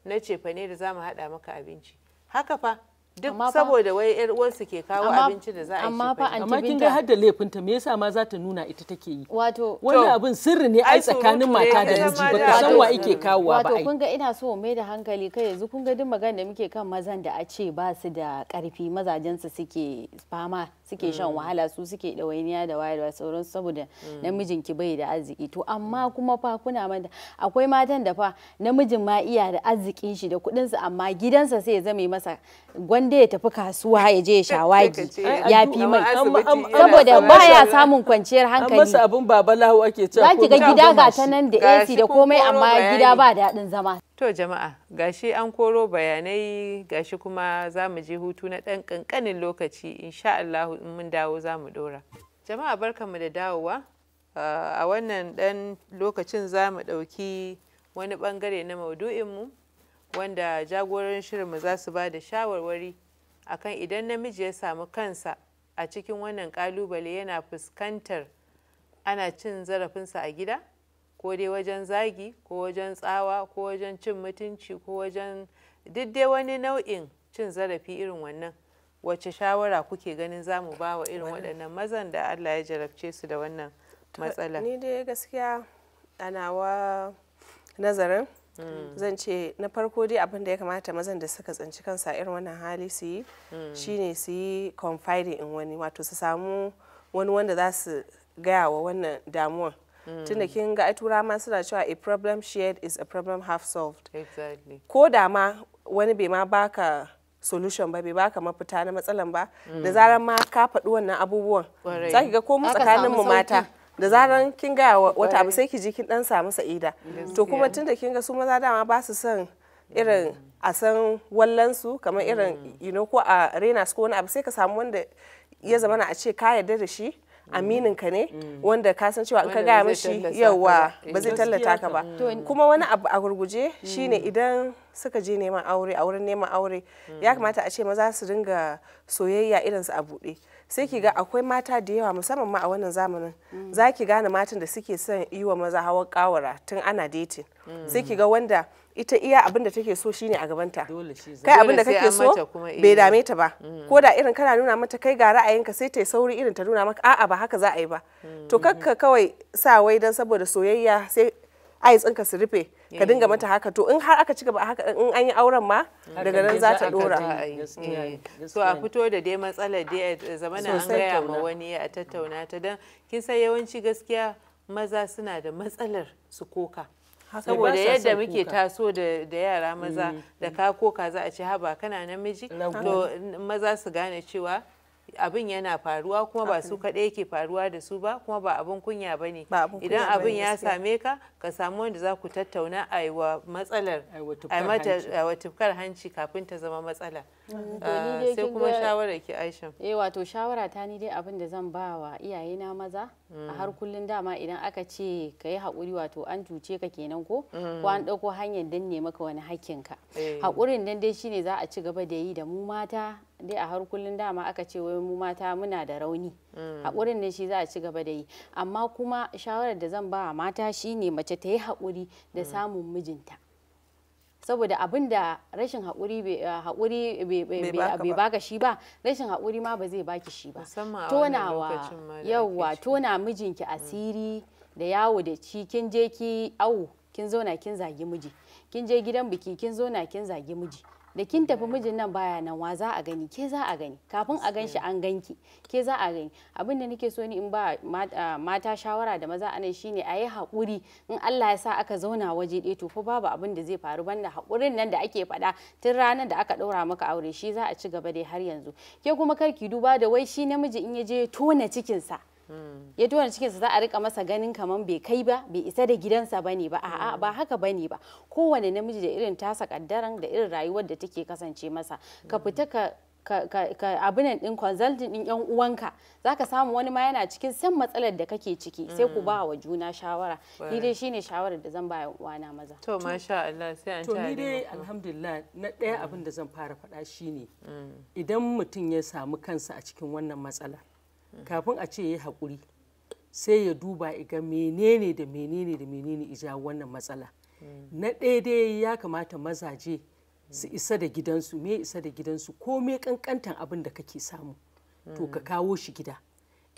na fa ne da zamu hada maka abinci haka fa duk saboda wai yar uwarsu ke kawo abinci da za a amma fa amma kin ga hadda
laifinta me yasa ma za ta nuna ita take yi
wato wannan abin
sirri ne ai tsakanin mata da miji ba ka san wa yake kawowa ba ai wato kun
ga ina so mai da hankali kai yanzu kun ga duk magana da muke kan mazan da a ce ba su da karfi mazajen su suke fama suke shan mm. wahala su suke ɗawainiya da wayarwa sauran saboda mm. namijin ki bai da arziki to amma kuma fa kuna manta akwai matan da fa namijin ma iya da arzikin shi da kuɗin su amma gidansa sai ya zame masa gwanda ya tafi kasuwa ya je ya shawagi ya fi mai saboda baya samun kwanciyar hankali amma abun ake cewa za ga gida ga ta nan da AC da komai amma gida ba daɗin zama To
jama'a gashi an koro bayanai gashi kuma za mu je hutu na ɗan ƙanƙanin lokaci insha Allah in mun dawo za mu ɗora. Jama'a barkanmu da dawowa ah, a wannan ɗan lokacin za mu ɗauki wani ɓangare na maudu’in mu wanda jagoran mu za su ba da shawarwari akan idan namiji ya samu kansa a cikin wannan ƙalubale yana fuskantar ana cin zarafinsa a gida. ko dai wajen zagi ko wajen tsawa ko wajen cin mutunci ko wajen duk dai wani nau'in cin zarafi irin wannan wace shawara kuke ganin za mu ba wa irin waɗannan mazan da
allah ya jarabce su da wannan matsala ni dai gaskiya a nawa nazarin mm. zan ce na farko dai abin da ya kamata mazan da suka tsinci kansa irin wannan hali su yi mm. shine su yi confiding in wani wato su samu wani wanda za su gaya wa wannan damuwar tunda kin ga ai tura ma suna cewa a problem shared is a problem half solved exactly ko da ma wani bai ma baka solution ba bai baka mafita na matsalan ba da mm. zaran ma ka faɗi wannan abubuwan zaki ga ko mu tsakanin mu mata da zaran kin ga wata abu sai ki ji kin dan samu sa'ida to kuma tunda kin ga su maza dama ba su son irin a san wallansu kamar irin mm. you know ko a rena ko wani abu sai ka samu wanda ya zama a ce ka yarda da shi Mm. aminin ka ne mm. wanda ka san cewa in ka gaya mishi yawa ba zai tallata ka ba mm. kuma wani abu a gurguje shine idan suka je neman aure a wurin neman aure ya kamata a ce maza su dinga soyayya irin su a buɗe sai ki ga akwai mata da yawa musamman ma a wannan zamanin za ki gane matan da suke son yi wa maza hawan kawara tun ana dating sai ki ga wanda ita iya abin da take so shine a gabanta kai abin da kake so bai eh. dame ta ba mm. ko da irin kana nuna mata kai ga ra'ayinka sai ta sauri irin ta nuna maka a'a ba haka za a yi ba mm. to kakka kawai sa wai dan saboda soyayya sai ai tsinka su rufe ka dinga mata haka to in har aka ci gaba haka in an yi auren ma daga nan za ta dora so a eh.
fito da dai matsalar dai zamana an gaya ma wani a tattauna ta dan kin san yawanci gaskiya maza suna da matsalar su koka saboda yadda muke taso da yara maza mm. da ka kaza a ce haba kana namiji to maza su gane cewa abin yana faruwa kuma ba su kaɗai yake faruwa da su ba kuma ba abin kunya ba ne idan abin ya same ka ka samu wanda za ku tattauna a yi wa matsalar a wa tufkar hanci kafin ta zama matsala
ah, sai kuma shawarar ki aisha eh wato shawara ta ni dai abin da zan ba wa iyaye na maza a har mm. kullun dama idan aka ce ka yi haƙuri wato an cuce ka kenan ko mm. ko an ɗauko hanyar danne maka wani ka eh. haƙurin dan dai shi ne za a ci gaba da yi da mu mata dai a har kullun dama aka ce wai mu mata muna da rauni mm. haƙurin ne shi za a ci gaba da yi amma kuma shawarar da zan ba mata shine mace ta yi haƙuri da mm. samun mijinta saboda abin da rashin haƙuri bai eh, baka shi ba rashin haƙuri ma ba zai baki shi ba tonawa yawwa tona mijinki mm. asiri da yawo da ci kin je ki awo kin zauna kin zagi miji kin je gidan biki kin zauna kin zagi miji da kin tafi mijin nan baya nan wa za a gani ke za a gani kafin a ganshi an ganki ke za a gani abin da nake so ni in ba mata shawara da maza anan shine a yi haƙuri in Allah ya sa aka zauna waje ɗaya to fa babu abin da zai faru banda hakurin nan da ake faɗa tun ranar da aka ɗaura maka aure shi za a ci gaba dai har yanzu ke kuma kar ki duba da wai shi namiji in ya je tona cikinsa. sa ya ji wani cikinsa za a rika masa ganin kaman bai kai ba bai isa da gidansa ba ne ba a'a ba haka bane ne ba kowane namiji da irin tasa kaddaran da irin rayuwar da take kasance masa ka fita ka ka abinan din consulting din yan uwanka zaka samu wani ma yana cikin san matsalar da kake ciki sai ku ba wa juna shawara ni dai shine shawarar da zan ba yan na maza to masha
Allah sai an to ni dai alhamdulillah na ɗaya abin da zan fara faɗa shine idan mutum ya samu kansa a cikin wannan matsala kafin a ce ya yi haƙuri sai ya duba iga menene da menene da menene ija wannan matsala na daidai ya kamata mazaje su isa da gidansu me isa da gidansu ko me kankantan abin da kake samu to ka kawo shi gida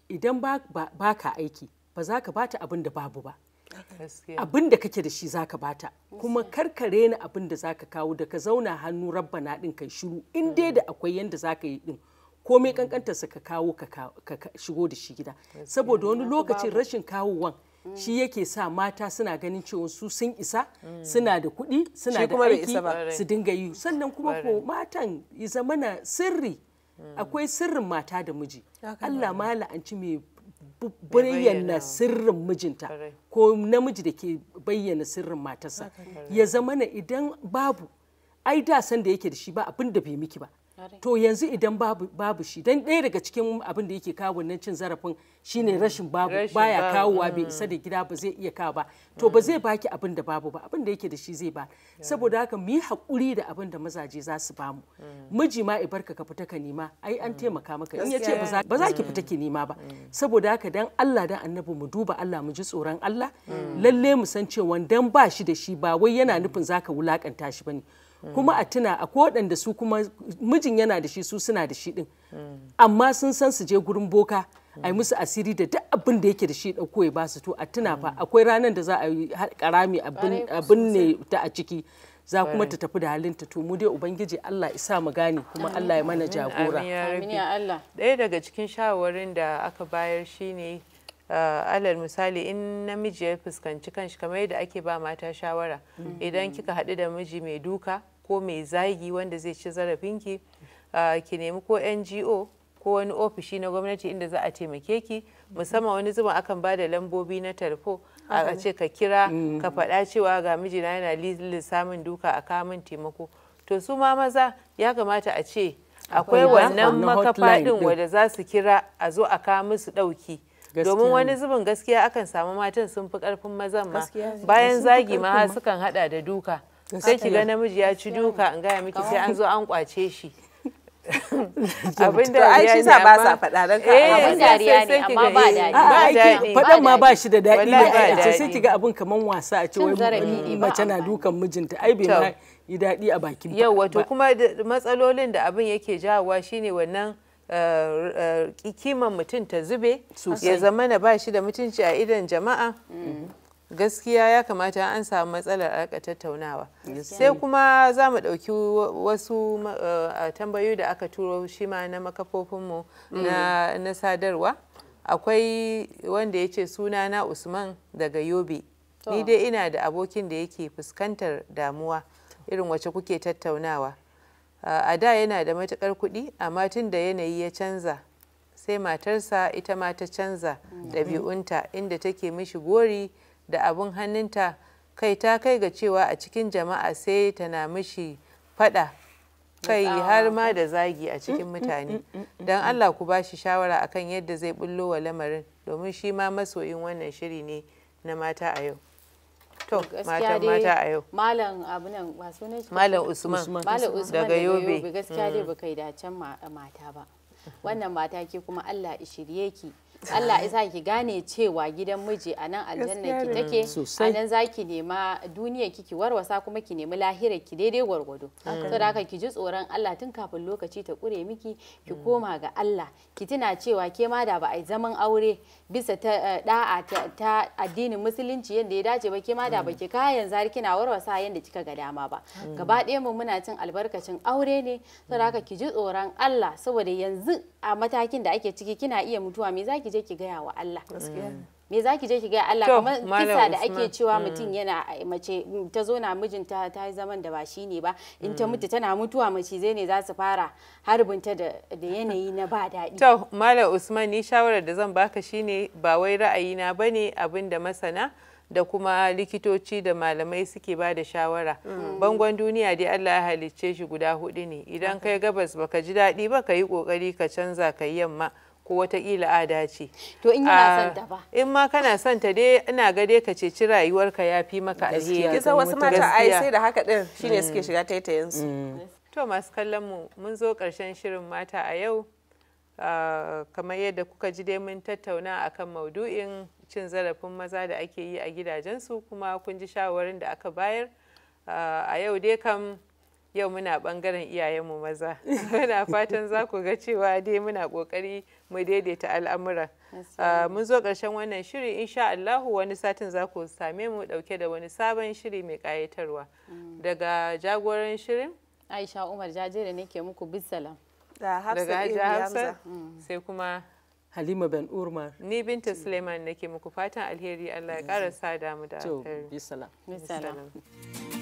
idan ba ka aiki ba za ka bata abin da babu ba abin da kake da shi za ka bata kuma karkare ni abin da za ka kawo da ka zauna hannu rabba na ɗin kai shiru in dai da akwai yanda za ka yi ɗin komai kankantarsa ka kawo ka shigo da shi gida saboda wani lokacin rashin kawowan mm. shi yake sa mata suna ganin cewa su sun isa mm. suna da kuɗi suna da aiki su dinga yi sannan kuma ko matan zamana sirri mm. akwai sirrin mata da miji Allah ma la'anci mai
bayyana
sirrin mijinta ko namiji da ke bayyana sirrin matarsa ya zamana idan babu ai da san da yake da shi ba abinda bai miki ba to yanzu idan babu babu shi dan ɗaya daga cikin abin da yake kawo wannan cin zarafin shine mm. rashin babu baya kawowa bai mm. isa da gida ba zai iya kawo ba to mm. ba zai baki abin da babu ba abin da yake da shi zai ba saboda haka mu yi hakuri da abin da mazaje za su bamu miji ma ibar ka fita ka nema ai an taimaka maka in yace ba za ki fita ki nema ba saboda haka dan Allah dan annabi mu duba Allah mu ji tsoron Allah lalle mu san cewa dan ba shi da shi ba wai yana nufin zaka wulakanta shi bane kuma a tuna a waɗanda su kuma mijin yana da shi su suna da shi din amma sun san su je gurin boka a yi musu asiri da duk abin da yake da shi ɗauko ya basu to a tuna fa akwai ranar da za a yi karami abin ne ta a ciki za kuma ta tafi da halinta to mu dai ubangiji Allah isa mu gane kuma Allah ya mana jagora amin ya
Allah ɗaya daga cikin shawarin da aka bayar shine Eh, alal misali in namiji ya fuskanci kanshi kamar yadda ake ba mata shawara mm-hmm. idan kika haɗu da miji mai duka ko mai zagi wanda zai ci zarafinki eh, ki nemi ko ngo ko wani ofishi na gwamnati inda za a taimake ki musamman wani zuma akan ba da lambobi na tarfo a ce ka kira mm. ka faɗa cewa ga mijina yana lissamin duka a kamun taimako to su ma maza ya kamata a ce akwai wannan makafaɗin wadda za su kira a zo a kawo musu ɗauki domin wani zubin gaskiya akan samu matan sun fi karfin mazan ma bayan zagi ma har sukan hada da duka sai ki ga namiji ya ci duka an gaya miki sai an zo an kwace shi abin dariya ne amma ba sa fada dan ka abin dariya ne amma ba
dadi ba fadan ma ba shi da daɗi ne ce sai ga abin kaman wasa a ce wai mace na dukan mijinta ai bai yi daɗi a bakin yau wato
kuma matsalolin da abin yake jawowa shine wannan Eh, eh, kiman mutum ta zube ya zama na ba shi da mutunci a idon jama'a gaskiya ya kamata an samu matsalar aka tattaunawa sai kuma za mu ɗauki wasu eh, tambayoyi da aka turo shi ma na makafofinmu mm. na sadarwa akwai wanda ya ce suna na usman daga yobe ni dai ina da abokin da yake fuskantar damuwa irin wacce kuke tattaunawa a da yana da matukar kuɗi amma tun da yanayi ya canza sai matarsa ita ma ta canza mm. ɗabi'unta inda take mishi gori da abun hannunta kai ta kai ga cewa a cikin jama'a sai tana mishi fada kai har ma da zagi a cikin mutane don allah ku ba shi shawara akan yadda zai bullo wa lamarin domin shi ma masoyin wannan shiri ne na mata a yau to matan mata a yau
malam abu nan ba sunan shi malam usman malam usman daga yobe gaskiya dai hmm. ba da dacen mata ba wannan mata ke kuma Allah ya shirye ki Allah isa ki gane cewa gidan miji a nan aljanna ki take a nan za ki nema duniyar ki warwasa kuma ki nemi lahira ki daidai gwargwado saboda haka ki ji tsoron Allah tun kafin lokaci ta kure miki ki mm. koma ga Allah ki tuna cewa ke ma da ba ai zaman aure bisa ta da'a eh, ta addinin musulunci yadda ya dace ba ke ma da ba mm. ki kayan zari kina warwasa yadda kika ga dama ba mm. gaba ɗaya mu muna cin albarkacin aure ne saboda haka ki ji tsoron Allah saboda yanzu a matakin da ake ciki kina iya mutuwa me zaki zaki je ki gaya wa Allah mm. me zaki je ki gaya Allah kamar kisa da ake cewa mm. mutum yana eh, mace mm, ta zo na mijinta ta yi zaman da ba shi ne ba in ta mutu tana mutuwa mace zai ne za su fara harbinta da yanayi na ba daɗi to
malam usman ni shawarar da zan baka shine ba wai ra'ayi na bane abin da masana da kuma likitoci da malamai suke ba da shawara bangon duniya dai Allah ya halicce shi guda hudu ne idan kai gabas baka ji daɗi ba ka yi ƙoƙari ka canza ka yi yamma ko wataƙila ada ce. To in yana son ta ba. Ah, in ma kana son ta dai ina ga dai ka ceci rayuwarka ya fi maka alheri. Kisa wasu mata ai sai da haka din mm. shine suke shiga taitayen su. Mm. To masu kallon mu mun zo karshen shirin mata a yau. Ah, kamar yadda kuka ji dai mun tattauna akan maudu'in cin zarafin maza da ake yi a gidajensu kuma kun ji shawarin da aka bayar ah, a yau dai kam yau muna bangaren mu maza muna fatan za ku ga cewa dai muna kokari mu daidaita al'amura. Ah, mun zo ƙarshen wannan shiri insha Allahu wani satin za ku same mu ɗauke da wani sabon shiri mai kayatarwa
mm. daga jagoran shirin Aisha Umar jajere da nake muku bisalam da Hafsa
mm. sai kuma Halima Ben Urma. Ni Binta mm. Suleiman nake muku fatan alheri Allah ya ƙara sa damu da alheri. bisalam.